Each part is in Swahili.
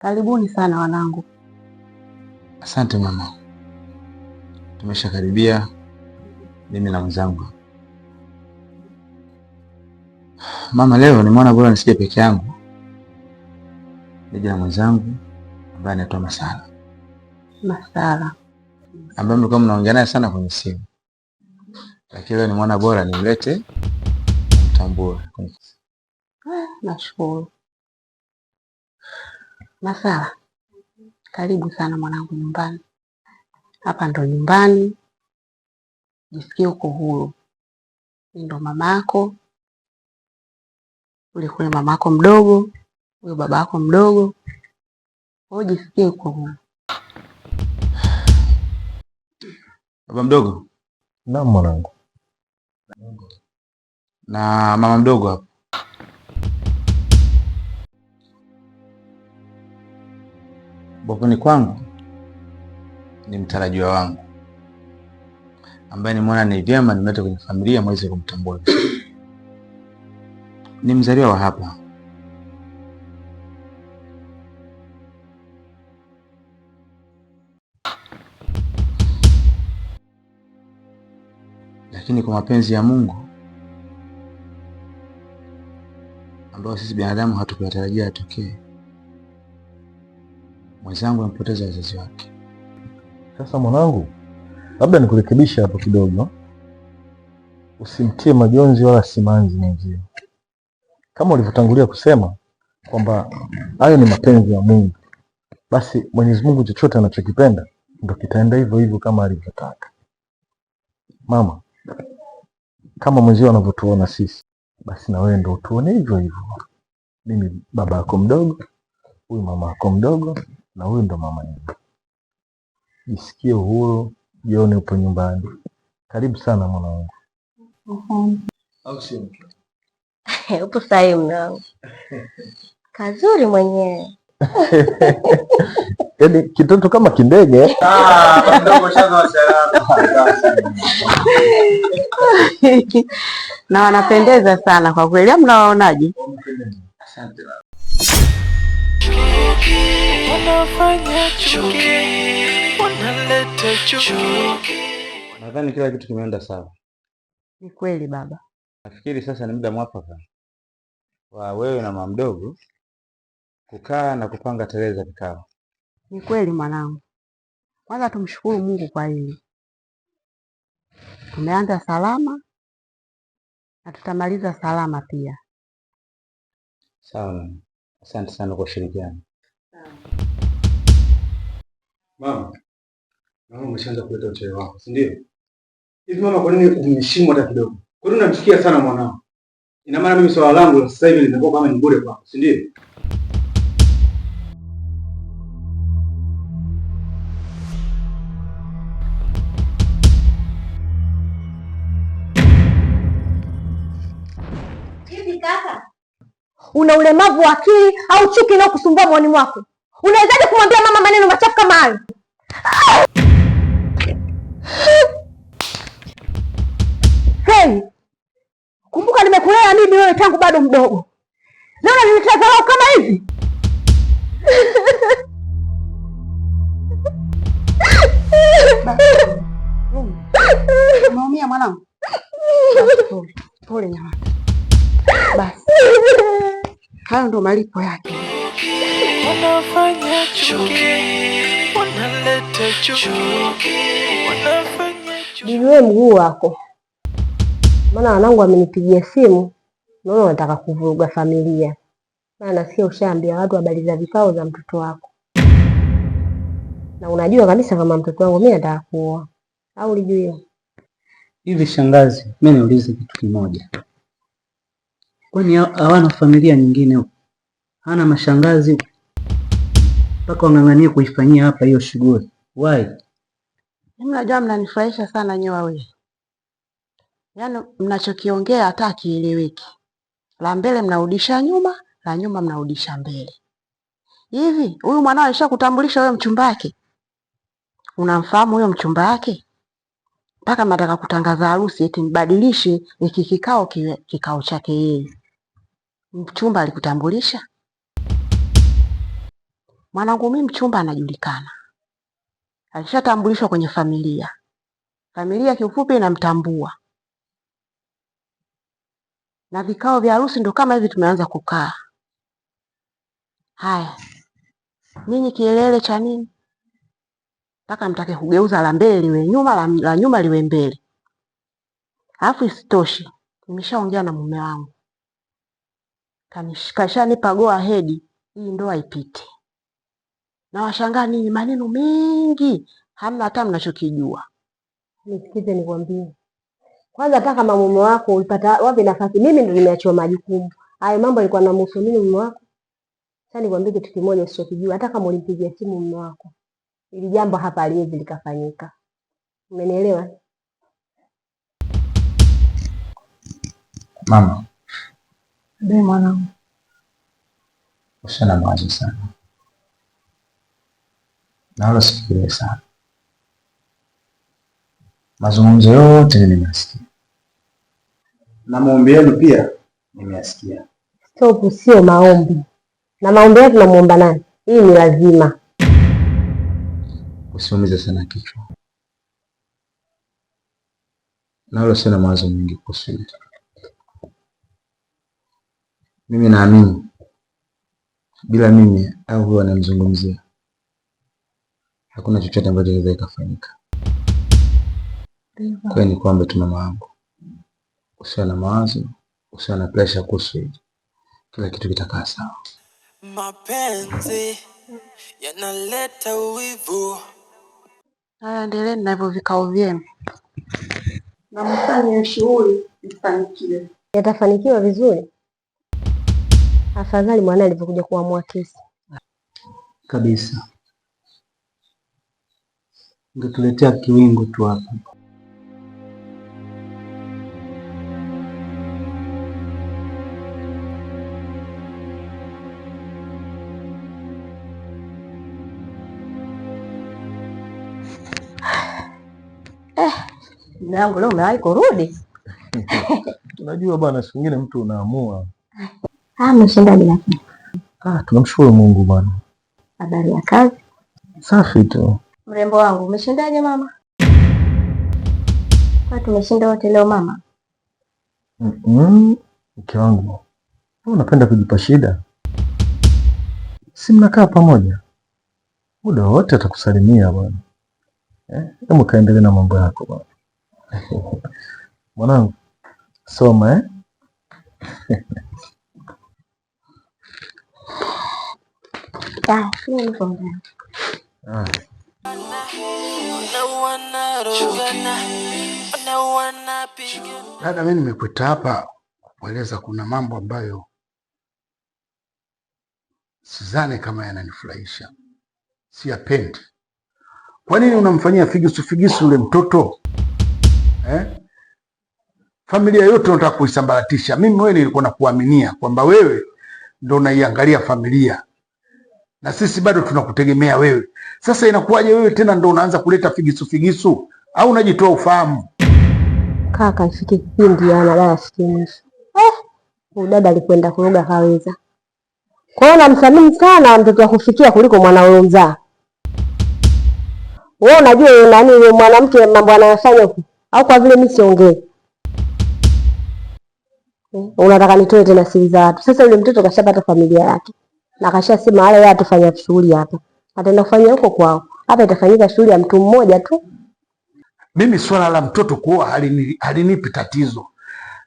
Karibuni sana wanangu. Asante mama, tumeshakaribia mimi na mwenzangu. Mama, leo nimeona bora nisije peke yangu, nije na mwenzangu ambaye anaitwa Masala. Masala ambaye mlikuwa mnaongea naye sana kwenye simu, lakini leo nimeona bora nimlete mtambue. Ah, nashukuru. Masala, karibu sana mwanangu nyumbani. Hapa ndo nyumbani, jisikie uko huru. ni ndo mamako, ule kule mamako mdogo, huyo babako mdogo. Wewe jisikie uko huru. Baba mdogo? Naam mwanangu. Na mama mdogo hapa Boponi kwangu ni mtarajiwa wangu ambaye nimeona ni vyema nimlete kwenye familia mweze kumtambua vizuri. Ni mzaliwa wa hapa, lakini kwa mapenzi ya Mungu ambayo sisi binadamu hatukuyatarajia yatokee mwenzangu amepoteza wazazi wake. Sasa mwanangu, labda nikurekebisha hapo kidogo. Usimtie majonzi wala simanzi mwenzio, kama ulivyotangulia kusema kwamba hayo ni mapenzi ya Mungu. Basi Mwenyezi Mungu chochote anachokipenda ndo kitaenda hivyo hivyo kama alivyotaka. Mama, kama mwenzio anavyotuona sisi, basi na wewe ndo utuone hivyo hivyo. Mimi baba yako mdogo, huyu mama yako mdogo, na huyu ndo mama yangu. Jisikie huru, jione upo nyumbani. Karibu sana mwanangu. Au sio mke? Upo sahihi mwanangu. Kazuri mwenyewe. Yaani kitoto kama kindege. Ah, na wanapendeza sana kwa kweli. Mnawaonaje? Asante chuki, wanafanya chuki, wanaleta chuki. Nadhani kila kitu kimeenda sawa. Ni kweli baba. Nafikiri sasa ni muda mwafaka wa wewe na mama mdogo kukaa na kupanga tarehe za kikao. Ni kweli mwanangu. Kwanza tumshukuru Mungu kwa hili, tumeanza salama na tutamaliza salama pia. Sawa mama. Asante sana kwa ushirikiano. Mama, mama umeshaanza kuleta uchawi wako, si ndio? Hivi mama, kwa nini umeshimu hata kidogo? Kwa nini unamchukia sana mwanao? Ina maana mimi swala langu sasa hivi limekuwa kama ni bure kwako, si ndio? Hivi kaka Una ulemavu wa akili au chuki inayokusumbua moyoni mwako? Unawezaje kumwambia mama maneno machafu kama hayo? Hey, kumbuka nimekulea mimi wewe tangu bado mdogo, leo nanitazama kama hivi? Umeumia mwanangu? Pole nyama, basi. Hayo ndo malipo yake. Jijue mguu wako, maana wanangu amenipigia simu, naona wanataka kuvuruga familia. Maana sio ushaambia watu habari za vikao za mtoto wako, na unajua kabisa kama mtoto wangu mimi nataka kuoa, au lijui hivi? Shangazi, mimi niulize kitu kimoja Kwani hawana familia nyingine huko? Hana mashangazi mpaka wang'ang'anie kuifanyia hapa hiyo shughuli wai? Mimi mnanifurahisha sana nyewe wawili, yaani mnachokiongea hata akieleweki. La mbele mnarudisha nyuma, la nyuma mnarudisha mbele. Hivi huyu mwanao alishakutambulisha wewe mchumba wake? Unamfahamu huyo mchumba wake? Mpaka mnataka kutangaza harusi eti mbadilishe iki kikao kiwe kikao chake yeye. Mchumba alikutambulisha? Mwanangu, mimi mchumba anajulikana, alishatambulishwa kwenye familia. Familia kiufupi inamtambua, na vikao vya harusi ndo kama hivi tumeanza kukaa. Haya, ninyi kielele cha nini mpaka mtake kugeuza la mbele liwe nyuma, la, la nyuma liwe mbele? Alafu isitoshi nimeshaongea na mume wangu kashanipa go ahead, hii ndoa ipite. Na washangaa ninyi, maneno mengi hamna hata mnachokijua. Nisikize nikwambie kwanza, hata kama mume wako ulipata wapi nafasi? Mimi ndo nimeachiwa majukumu hayo, mambo yalikuwa yanamhusu nini mume wako. Sasa nikwambie kitu kimoja usichokijua, hata kama ulimpigia simu mume wako, ili jambo hapa haliwezi likafanyika. Umenielewa mama? Be mwanangu, na mawazo sana na wala usifikirie sana. Mazungumzo yote nimeyasikia na maombi yenu pia nimeyasikia. Stop, sio maombi na maombi yetu, namwomba nani? Hii ni lazima. Usiumize sana kichwa na wala na mawazo mengi kuhusu mimi naamini bila mimi au huyo anamzungumzia hakuna chochote ambacho inaweza ikafanyika. Kwa ni kwamba tu mama wangu, na mawazo, usiwa na presha kuhusu hili, kila kitu kitakaa sawa. Mapenzi yanaleta uwivu. Haya, na hivyo vikao vyenu, namfanya shughuli ifanikiwe, yatafanikiwa vizuri afadhali mwanae alivyokuja kuamua kesi kabisa. Ungetuletea kiwingu tu hapa. Eh, Mdangu, leo umewahi kurudi. Unajua bwana, siku nyingine mtu unaamua Ah, ameshinda bila kinga. Ah, tunamshukuru Mungu bwana. Habari ya kazi? Safi tu. Mrembo wangu umeshindaje mama? Kwa tumeshinda wote leo mama. Mm -mm. Mke wangu unapenda kujipa shida, si mnakaa pamoja muda wote, atakusalimia bwana. Eh, hebu kaendelee na mambo yako bwana. Mwanangu soma eh? Dada, mimi nimekuita hapa kueleza kuna mambo ambayo sidhani kama yananifurahisha, siyapendi. Kwa nini unamfanyia figisu figisu yule mtoto eh? Familia yote unataka kuisambaratisha. Mimi wewe nilikuwa nakuaminia kwamba wewe ndo unaiangalia familia na sisi bado tunakutegemea wewe. Sasa inakuwaje wewe tena ndo unaanza kuleta figisu figisu, au unajitoa ufahamu? Kaka, ifike kipindi anadada afike mwisho. Eh, dada alikwenda kuoga kaweza. Kwa hiyo namthamini sana mtoto wa kufikia kuliko mwana uliomzaa wewe. Unajua nani yule mwanamke mambo anayofanya huko, au kwa vile mimi siongee eh, unataka nitoe tena siri za watu. Sasa yule mtoto kashapata familia yake na kashasema wala yeye atofanya shughuli hapa, ataenda kufanya huko kwao. Hapa itafanyika shughuli ya mtu mmoja tu. Mimi swala la mtoto kuoa halini, halinipi tatizo.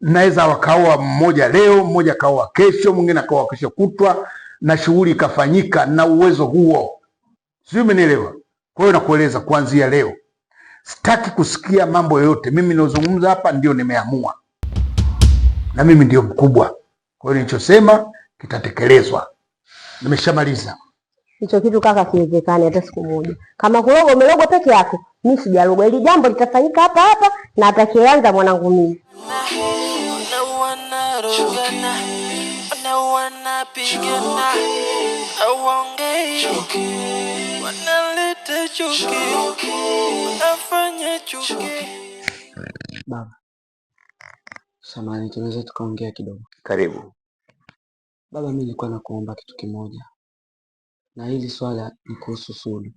Naweza wakaoa mmoja leo, mmoja kaoa kesho, mwingine akaoa kesho kutwa, na shughuli ikafanyika na uwezo huo, sio? umenielewa. Kwa hiyo nakueleza kuanzia leo sitaki kusikia mambo yoyote. Mimi nilozungumza hapa ndio nimeamua, na mimi ndio mkubwa. Kwa hiyo nilichosema kitatekelezwa. Nimeshamaliza hicho kitu kaka, kiwezekane hata siku moja. Kama kuloga umeloga peke yako, mi sijaloga. Ili jambo litafanyika hapa hapa na atakianza mwanangu mimi. Baba samahani, tunaweza tukaongea kidogo? Karibu. Baba, mimi nilikuwa nakuomba kitu kimoja, na hili swala ni kuhusu Sudu.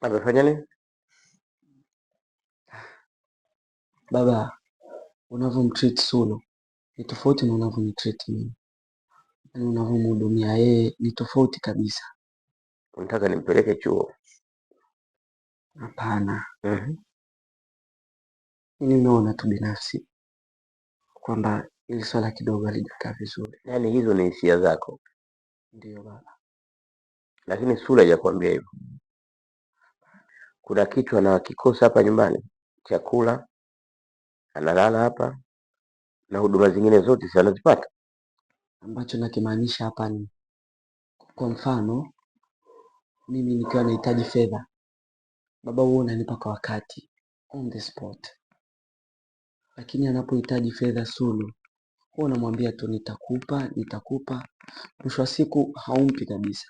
Amefanya nini? Baba, unavyomtreat sulu ni tofauti na unavyonitreat mimi, yaani unavyomhudumia yeye ni tofauti kabisa. Unataka nimpeleke chuo? Hapana. mm -hmm. nimeona tu binafsi kwamba ili swala kidogo alijakaa vizuri. Yani hizo ni hisia zako, ndio baba. Lakini Sule hajakwambia hivyo. Kuna kitu anakikosa hapa nyumbani, chakula, analala hapa na huduma zingine zote si anazipata. Ambacho nakimaanisha hapa ni kwa mfano, mimi nikiwa nahitaji fedha, baba huwa unanipa kwa wakati, on the spot, lakini anapohitaji fedha Sulu huwa unamwambia tu nitakupa, nitakupa, mwisho wa siku haumpi kabisa.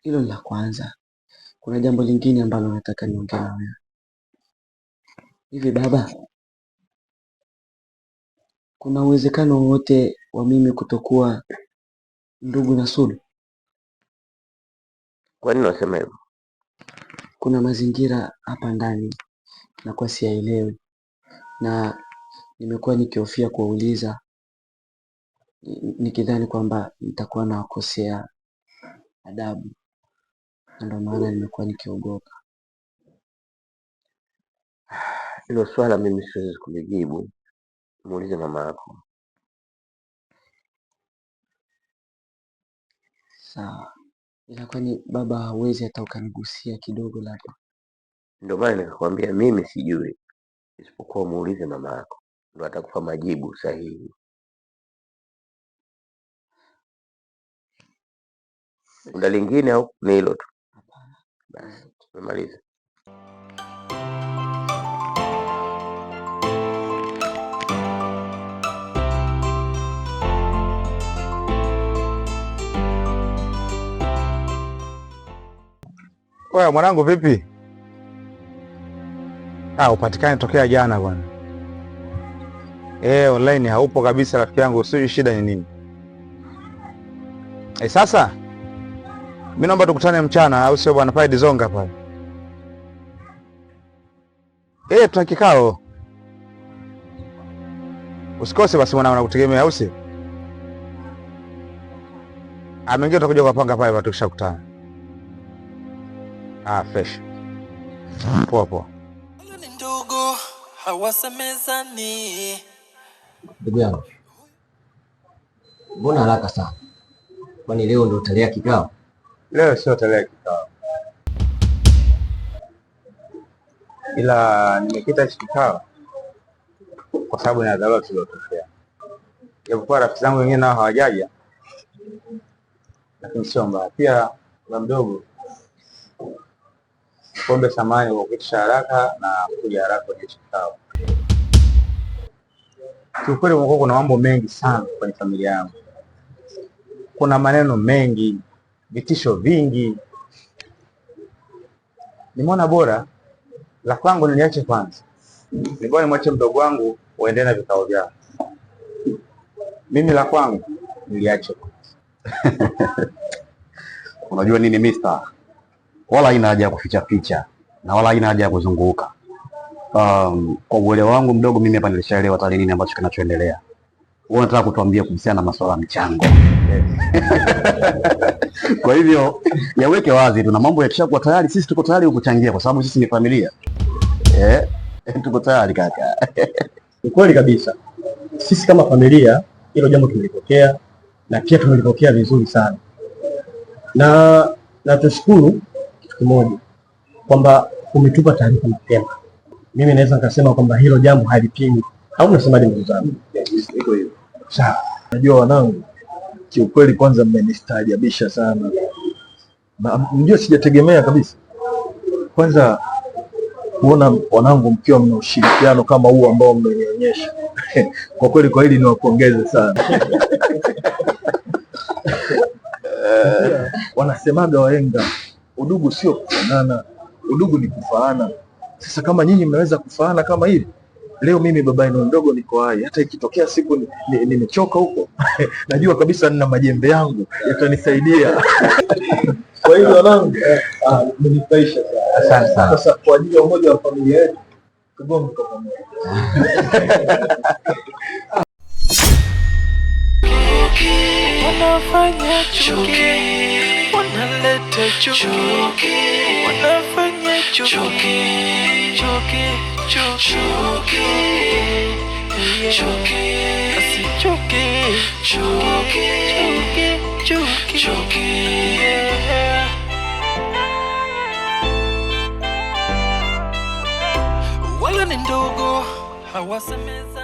Hilo ni la kwanza. Kuna jambo lingine ambalo nataka niongee na wewe. Hivi baba, kuna uwezekano wowote wa mimi kutokuwa ndugu na Sulu? Kwa nini unasema hivyo? Kuna mazingira hapa ndani nakuwa siyaelewi, na nimekuwa nikihofia kuwauliza nikidhani kwamba nitakuwa nawakosea adabu, na ndio maana nimekuwa nikiogopa hilo swala. Mimi siwezi kulijibu, muulize mama yako. Sawa, ila kwani baba hawezi hata ukanigusia kidogo labda? Ndio maana nikakwambia mimi sijui, isipokuwa muulize mama yako, ndio atakupa majibu sahihi. Muda lingine au ni hilo tu? Basi tumemaliza. Wewe mwanangu, vipi? Ah, upatikane tokea jana bwana. Eh, online haupo kabisa rafiki yangu, sijui shida ni nini. Eh, sasa mimi naomba tukutane mchana, au sio bwana? Pale Dizonga pale. Eh, tuna kikao. Usikose basi mwanangu, nakutegemea au sio? Ah, mengine kupanga pale bado tukishakutana. Ah, fresh. Poa poa. Huyo ni ndugu hawasemezani. Ndugu yangu. Mbona haraka sana? Kwani leo ndo utalea kikao? Leo sio tarehe kikao, ila nimekita hichi kikao kwa sababu na dharura tuliotokea, japokuwa rafiki zangu wengine nao hawajaja, lakini sio mbaya. Pia la mdogo kombe samani kwa kuitisha haraka na kuja haraka kwenye kikao. Kiukweli kumekuwa kuna mambo mengi sana kwenye familia yangu, kuna maneno mengi vitisho vingi, nimeona bora la kwangu niliache kwanza, ni bora nimwache mdogo wangu uendelee na vikao vyao. Mimi la kwangu niliache kwanza. Unajua nini mister, wala haina haja ya kuficha ficha na wala haina haja ya kuzunguka. Um, kwa uelewa wangu mdogo mimi hapa nilishaelewa tayari nini ambacho kinachoendelea. Wewe unataka kutuambia kuhusiana na masuala ya mchango Kwa hivyo yaweke wazi tu, na mambo yakishakuwa tayari, sisi tuko tayari kukuchangia, kwa sababu sisi ni familia eh, eh tuko tayari kaka. Ni kweli kabisa, sisi kama familia hilo jambo tumelipokea na pia tumelipokea vizuri sana, na na tushukuru kitu kimoja kwamba umetupa taarifa mapema. Mimi naweza nikasema kwamba hilo jambo halipingi, au unasemaje ndugu zangu? Sawa, najua wanangu kiukweli, kwanza mmenistaajabisha sana, mjue sijategemea kabisa. Kwanza kuona wanangu mkiwa mna ushirikiano kama huu ambao mmenionyesha kwa kweli, kwa hili niwapongeze sana wanasemaga wahenga udugu sio kufanana, udugu ni kufaana. Sasa kama nyinyi mnaweza kufaana kama hivi leo mimi baba yenu mdogo niko hai, hata ikitokea siku nimechoka ni, ni huko najua kabisa nina majembe yangu yatanisaidia. Kwa hiyo wanangu, eh, ah, mmenifurahisha sana. Sasa kwa ajili ya umoja wa familia yetu tugome kwa pamoja. Chuki, chuki, wanaleta chuki, chuki, chuki. Wala ni ndogo hawasemeza